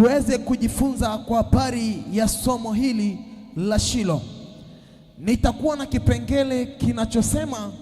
tuweze kujifunza kwa habari ya somo hili la Shilo. Nitakuwa na kipengele kinachosema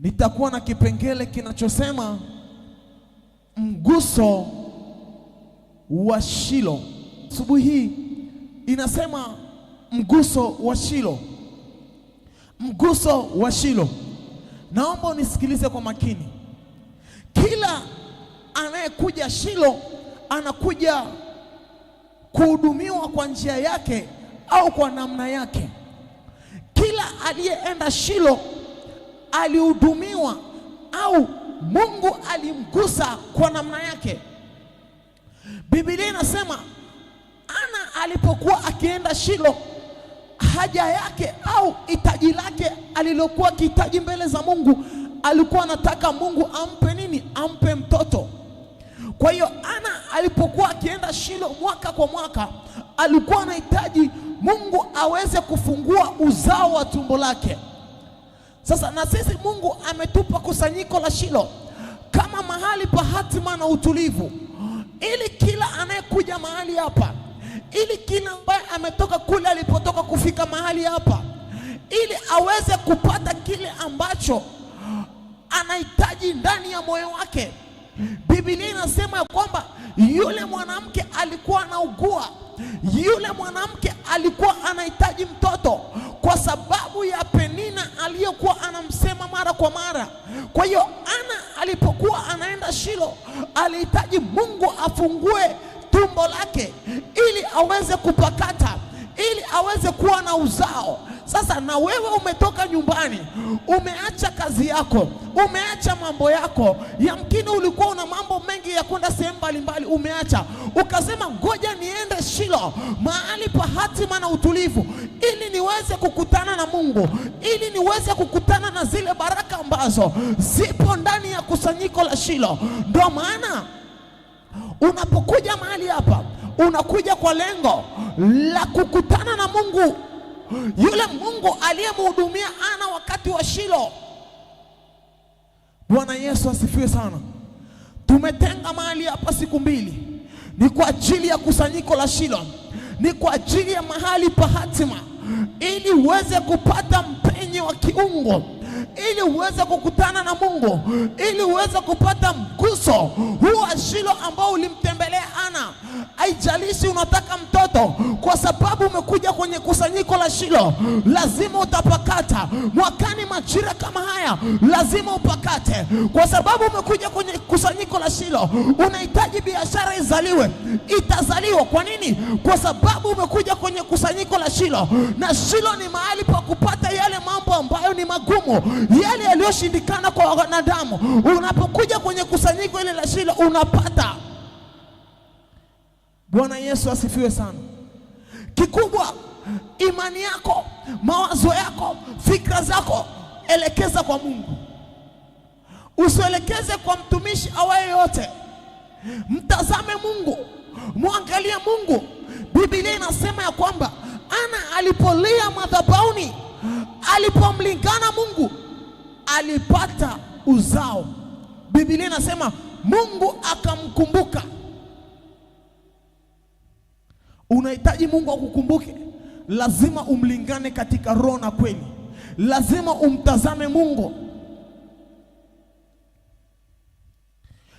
nitakuwa na kipengele kinachosema mguso wa Shilo. Asubuhi hii inasema mguso wa Shilo, mguso wa Shilo. Naomba unisikilize kwa makini. Kila anayekuja Shilo anakuja kuhudumiwa kwa njia yake au kwa namna yake. Kila aliyeenda Shilo alihudumiwa au Mungu alimgusa kwa namna yake. Biblia inasema Ana alipokuwa akienda Shilo, haja yake au hitaji lake alilokuwa kihitaji mbele za Mungu, alikuwa anataka Mungu ampe nini? Ampe mtoto. Kwa hiyo Ana alipokuwa akienda Shilo mwaka kwa mwaka, alikuwa anahitaji Mungu aweze kufungua uzao wa tumbo lake. Sasa na sisi Mungu ametupa kusanyiko la Shilo kama mahali pa hatima na utulivu, ili kila anayekuja mahali hapa, ili kila ambaye ametoka kule alipotoka kufika mahali hapa, ili aweze kupata kile ambacho anahitaji ndani ya moyo wake Biblia inasema ya kwamba yule mwanamke alikuwa anaugua, yule mwanamke alikuwa anahitaji mtoto kwa sababu ya Penina aliyekuwa anamsema mara kwa mara. Kwa hiyo Ana alipokuwa anaenda Shilo, alihitaji Mungu afungue tumbo lake ili aweze kupakata, ili aweze kuwa na uzao. Sasa na wewe umetoka nyumbani, umeacha kazi yako, umeacha mambo yako, yamkini ulikuwa una mambo mengi ya kwenda sehemu mbalimbali, umeacha ukasema, ngoja niende Shilo, mahali pa hatima na utulivu, ili niweze kukutana na Mungu, ili niweze kukutana na zile baraka ambazo zipo ndani ya kusanyiko la Shilo. Ndio maana unapokuja mahali hapa, unakuja kwa lengo la kukutana na Mungu yule Mungu aliyemhudumia Ana wakati wa Shilo. Bwana Yesu asifiwe sana. Tumetenga mahali hapa siku mbili, ni kwa ajili ya kusanyiko la Shilo, ni kwa ajili ya mahali pa hatima, ili uweze kupata mpenyi wa kiungo ili uweze kukutana na Mungu, ili uweze kupata mguso huu wa Shilo ambao ulimtembelea ana Haijalishi unataka mtoto, kwa sababu umekuja kwenye kusanyiko la Shilo, lazima utapakata. Mwakani majira kama haya, lazima upakate, kwa sababu umekuja kwenye kusanyiko la Shilo, unahitaji biashara izaliwe, itazaliwa. Kwa nini? Kwa sababu umekuja kwenye kusanyiko la Shilo, na Shilo ni mahali pa kupata yale mambo ambayo ni magumu, yale yaliyoshindikana kwa wanadamu. Unapokuja kwenye kusanyiko ile la Shilo unapata. Bwana Yesu asifiwe sana. Kikubwa imani yako, mawazo yako, fikra zako, elekeza kwa Mungu usielekeze kwa mtumishi awaye yote. Mtazame Mungu, mwangalie Mungu. Biblia inasema ya kwamba Ana alipolia madhabauni alipomlingana Mungu alipata uzao. Biblia inasema Mungu akamkumbuka. Unahitaji Mungu akukumbuke, lazima umlingane katika roho na kweli, lazima umtazame Mungu.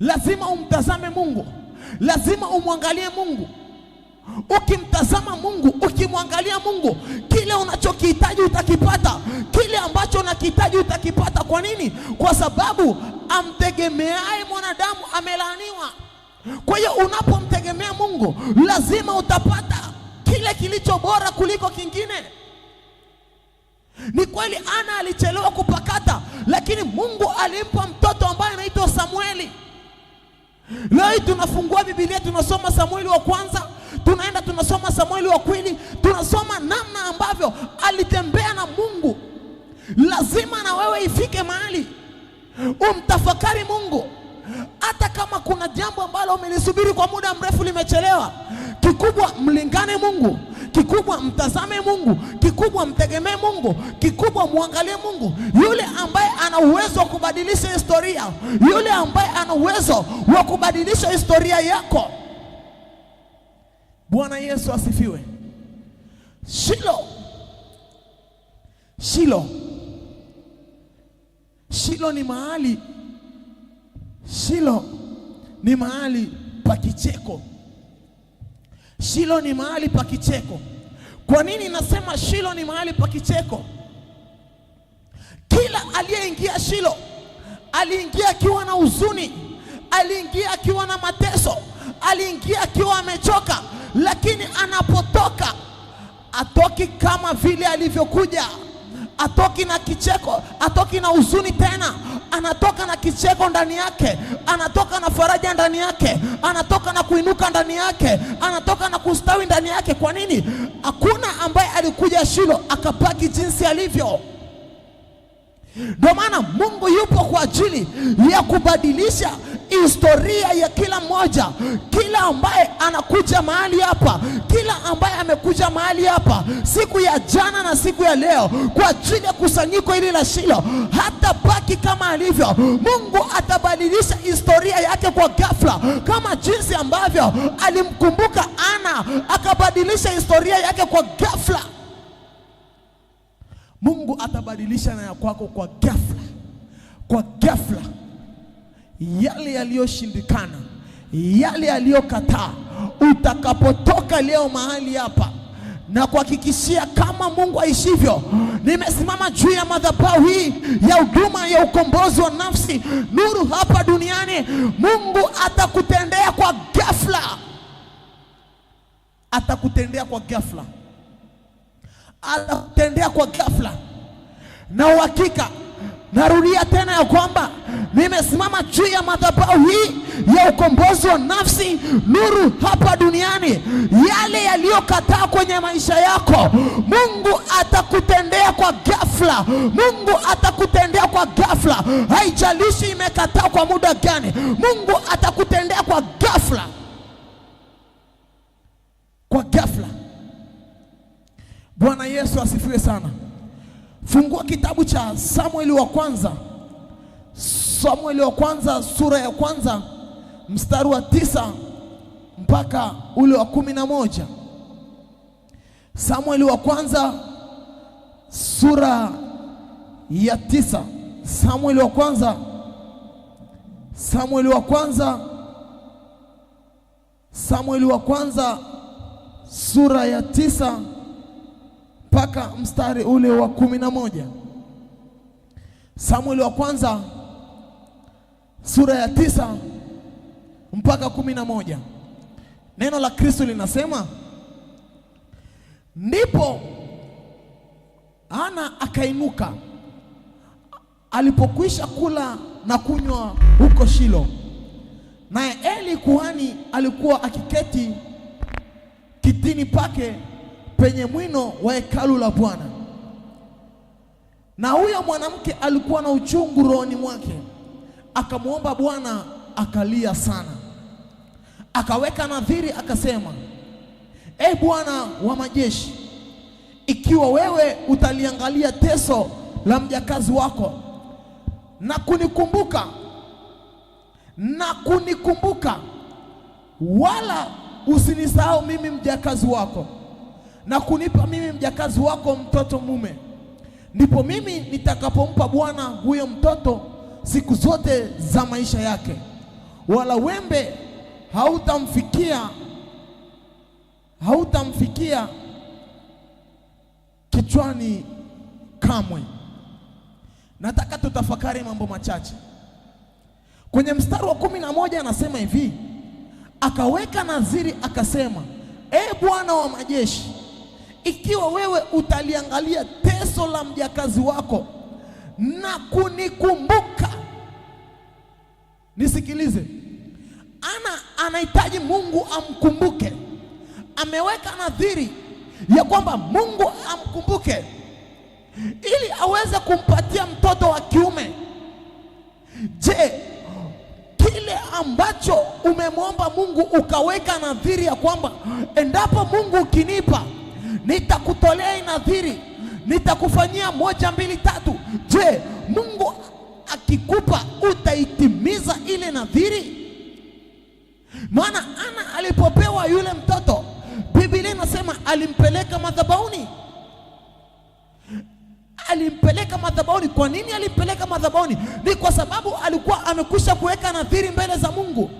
Lazima umtazame Mungu, lazima umwangalie Mungu. Ukimtazama Mungu, ukimwangalia Mungu, kile unachokihitaji utakipata, kile ambacho unakihitaji utakipata. Kwa nini? Kwa sababu amtegemeaye mwanadamu amelaaniwa. Kwa hiyo unapomtegemea Mungu, lazima utapata kile kilicho bora kuliko kingine. Ni kweli Ana alichelewa kupakata, lakini Mungu alimpa Leo tunafungua Biblia tunasoma Samueli wa kwanza, tunaenda tunasoma Samueli wa pili, tunasoma namna ambavyo alitembea na Mungu. Lazima na wewe ifike mahali umtafakari Mungu, hata kama kuna jambo ambalo umelisubiri kwa muda mrefu limechelewa. Kikubwa mlingane Mungu. Kikubwa mtazame Mungu, kikubwa mtegemee Mungu, kikubwa mwangalie Mungu, yule ambaye ana uwezo wa kubadilisha historia, yule ambaye ana uwezo wa kubadilisha historia yako. Bwana Yesu asifiwe. Shilo, Shilo, Shilo ni mahali, Shilo ni mahali pa kicheko. Shilo ni mahali pa kicheko. Kwa nini nasema Shilo ni mahali pa kicheko? Kila aliyeingia Shilo aliingia akiwa na huzuni, aliingia akiwa na mateso, aliingia akiwa amechoka, lakini anapotoka atoki kama vile alivyokuja atoki na kicheko, atoki na huzuni tena, anatoka na kicheko ndani yake, anatoka na faraja ndani yake, anatoka na kuinuka ndani yake, anatoka na kustawi ndani yake. Kwa nini? Hakuna ambaye alikuja Shilo akapaki jinsi alivyo. Ndio maana Mungu yupo kwa ajili ya kubadilisha historia ya kila mmoja, kila ambaye anakuja mahali hapa, kila ambaye amekuja mahali hapa siku ya jana na siku ya leo kwa ajili ya kusanyiko hili la Shilo, hata baki kama alivyo. Mungu atabadilisha historia yake kwa ghafla, kama jinsi ambavyo alimkumbuka Ana akabadilisha historia yake kwa ghafla. Mungu atabadilisha na ya kwako kwa ghafla, kwa ghafla yale yaliyoshindikana, yale yaliyokataa. Utakapotoka leo mahali hapa na kuhakikishia kama Mungu aishivyo, nimesimama juu ya madhabahu hii ya huduma ya ukombozi wa nafsi nuru hapa duniani. Mungu atakutendea kwa ghafla, atakutendea kwa ghafla, atakutendea kwa ghafla na uhakika Narudia tena ya kwamba nimesimama juu ya madhabahu hii ya ukombozi wa nafsi, nuru hapa duniani. Yale yaliyokataa kwenye maisha yako, Mungu atakutendea kwa ghafla. Mungu atakutendea kwa ghafla, haijalishi imekataa kwa muda gani. Mungu atakutendea kwa ghafla, kwa ghafla. Bwana Yesu asifiwe sana. Fungua kitabu cha Samueli wa kwanza, Samueli wa kwanza sura ya kwanza mstari wa tisa mpaka ule wa kumi na moja. Samueli wa kwanza sura ya tisa. Samueli wa kwanza, Samueli wa kwanza, Samueli wa kwanza sura ya tisa mpaka mstari ule wa kumi na moja Samueli wa kwanza sura ya tisa mpaka kumi na moja neno la Kristo linasema ndipo ana akainuka alipokwisha kula na kunywa huko Shilo, naye Eli kuhani alikuwa akiketi kitini pake penye mwino wa hekalu la Bwana. Na huyo mwanamke alikuwa na uchungu rohoni mwake, akamwomba Bwana, akalia sana, akaweka nadhiri, akasema, e Bwana wa majeshi, ikiwa wewe utaliangalia teso la mjakazi wako na kunikumbuka na kunikumbuka, wala usinisahau mimi mjakazi wako na kunipa mimi mjakazi wako mtoto mume, ndipo mimi nitakapompa Bwana huyo mtoto siku zote za maisha yake, wala wembe hautamfikia hautamfikia kichwani kamwe. Nataka tutafakari mambo machache kwenye mstari wa kumi na moja anasema hivi, akaweka nadhiri akasema, e Bwana wa majeshi ikiwa wewe utaliangalia teso la mjakazi wako na kunikumbuka, nisikilize. Ana anahitaji Mungu amkumbuke, ameweka nadhiri ya kwamba Mungu amkumbuke ili aweze kumpatia mtoto wa kiume. Je, kile ambacho umemwomba Mungu ukaweka nadhiri ya kwamba endapo Mungu ukinipa nitakutolea nadhiri, nitakufanyia moja mbili tatu. Je, Mungu akikupa utaitimiza ile nadhiri? Maana Ana alipopewa yule mtoto, Biblia inasema alimpeleka madhabahuni, alimpeleka madhabahuni. Kwa nini alimpeleka madhabahuni? Ni kwa sababu alikuwa amekwisha kuweka nadhiri mbele za Mungu.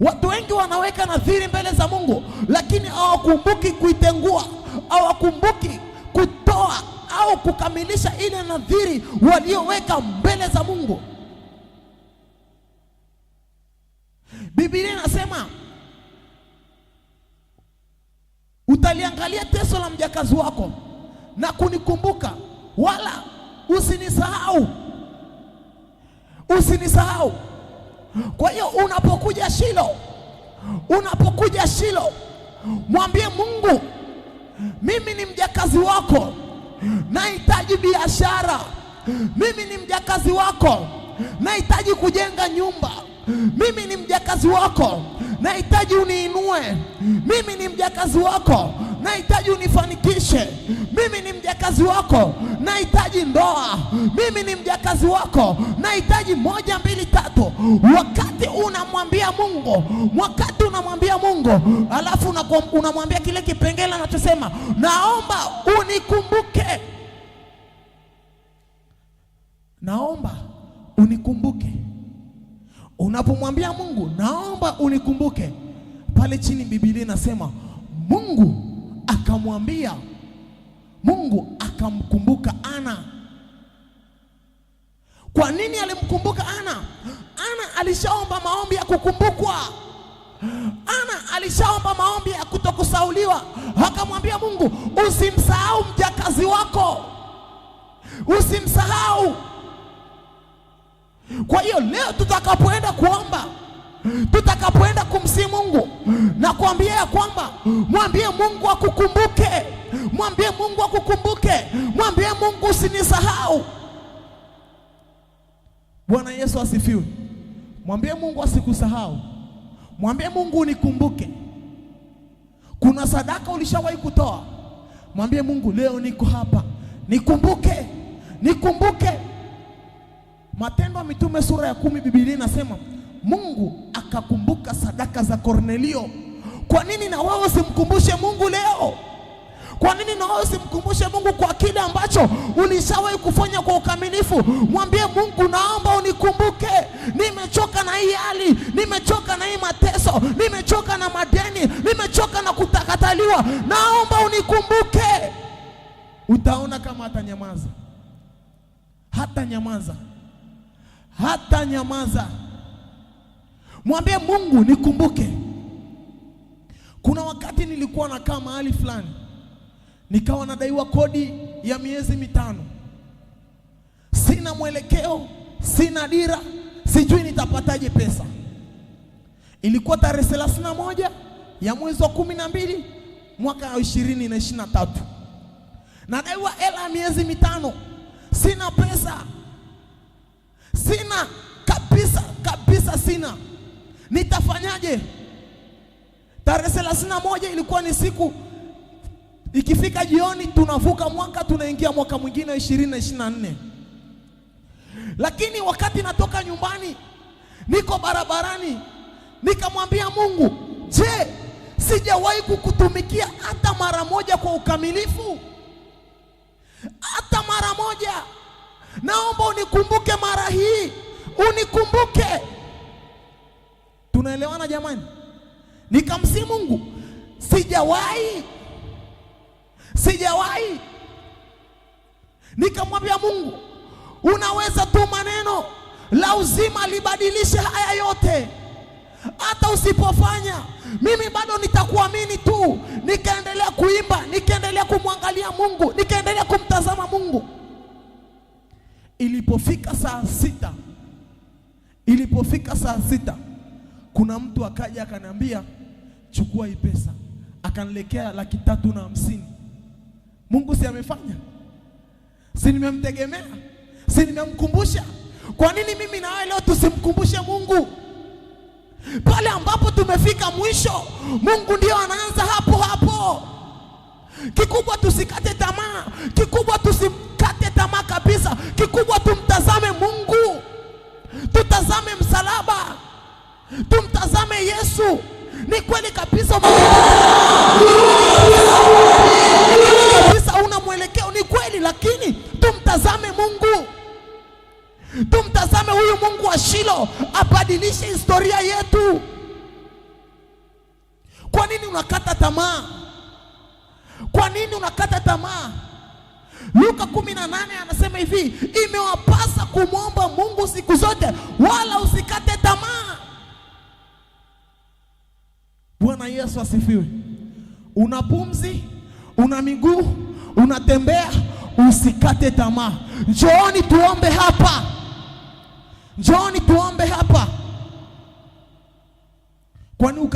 Watu wengi wanaweka nadhiri mbele za Mungu, lakini hawakumbuki kuitengua, hawakumbuki kutoa au kukamilisha ile nadhiri walioweka mbele za Mungu. Biblia inasema utaliangalia teso la mjakazi wako na kunikumbuka, wala usinisahau, usinisahau. Kwa hiyo unapokuja Shilo, unapokuja Shilo, mwambie Mungu, mimi ni mjakazi wako, nahitaji biashara. Mimi ni mjakazi wako, nahitaji kujenga nyumba. Mimi ni mjakazi wako, nahitaji uniinue. Mimi ni mjakazi wako nahitaji unifanikishe. Mimi ni mjakazi wako, nahitaji ndoa. Mimi ni mjakazi wako, nahitaji moja, mbili, tatu. Wakati unamwambia Mungu, wakati unamwambia Mungu alafu unamwambia kile kipengele anachosema, naomba unikumbuke, naomba unikumbuke. Unapomwambia Mungu naomba unikumbuke, pale chini Biblia inasema Mungu akamwambia, Mungu akamkumbuka Ana. Kwa nini alimkumbuka Ana? Ana alishaomba maombi ya kukumbukwa. Ana alishaomba maombi ya kutokusauliwa, akamwambia Mungu, usimsahau mjakazi wako, usimsahau. Kwa hiyo leo tutakapoenda kuomba Tutakapoenda kumsii Mungu na kuambia ya kwamba, mwambie Mungu akukumbuke, mwambie Mungu akukumbuke, mwambie Mungu usinisahau. Bwana Yesu asifiwe. Mwambie Mungu asikusahau, mwambie Mungu unikumbuke. Kuna sadaka ulishawahi kutoa, mwambie Mungu, leo niko hapa, nikumbuke, nikumbuke. Matendo ya Mitume sura ya kumi Biblia inasema Mungu akakumbuka sadaka za Kornelio. Kwa nini na wewe usimkumbushe Mungu leo? Kwa nini na wewe usimkumbushe Mungu kwa kile ambacho ulishawahi kufanya kwa ukamilifu? Mwambie Mungu, naomba unikumbuke, nimechoka na hii hali, nimechoka na hii mateso, nimechoka na madeni, nimechoka na kutakataliwa, naomba unikumbuke. Utaona kama hata nyamaza hata nyamaza hata nyamaza Mwambie Mungu nikumbuke. Kuna wakati nilikuwa nakaa mahali fulani, nikawa nadaiwa kodi ya miezi mitano. Sina mwelekeo, sina dira, sijui nitapataje pesa. Ilikuwa tarehe 31 ya mwezi wa kumi na mbili mwaka wa ishirini na ishirini na tatu. Nadaiwa hela ya miezi mitano, sina pesa, sina kabisa kabisa, sina nitafanyaje? Tarehe 31 ilikuwa ni siku, ikifika jioni tunavuka mwaka, tunaingia mwaka mwingine 2024. na Lakini wakati natoka nyumbani, niko barabarani, nikamwambia Mungu, je, sijawahi kukutumikia hata mara moja kwa ukamilifu, hata mara moja? Naomba unikumbuke mara hii, unikumbuke Tunaelewana jamani? Nikamsi Mungu, sijawahi sijawahi. Nikamwambia Mungu, unaweza tu maneno la uzima libadilishe haya yote, hata usipofanya mimi bado nitakuamini tu. Nikaendelea kuimba, nikaendelea kumwangalia Mungu, nikaendelea kumtazama Mungu. Ilipofika saa sita, ilipofika saa sita kuna mtu akaja akaniambia, chukua hii pesa, akanilekea laki tatu na hamsini. Mungu si amefanya? Si nimemtegemea? Si nimemkumbusha? Kwa nini mimi na wewe leo tusimkumbushe Mungu? Pale ambapo tumefika mwisho, Mungu ndio anaanza hapo hapo. Kikubwa tusikate tamaa, kikubwa tusikate tamaa kabisa, kikubwa tumtazame Mungu, tutazame msalaba. Tumtazame Yesu. Ni kweli kabisa kabisa una mwelekeo, ni kweli lakini tumtazame Mungu, tumtazame huyu Mungu wa Shilo abadilishe historia yetu. Kwa nini unakata tamaa? Kwa nini unakata tamaa? Luka 18 anasema hivi, imewapasa kumwomba Mungu siku zote, wala usikate tamaa. Yesu asifiwe. Una pumzi, una miguu, unatembea, usikate tamaa. Njooni tuombe hapa, njooni tuombe hapa, kwani ukate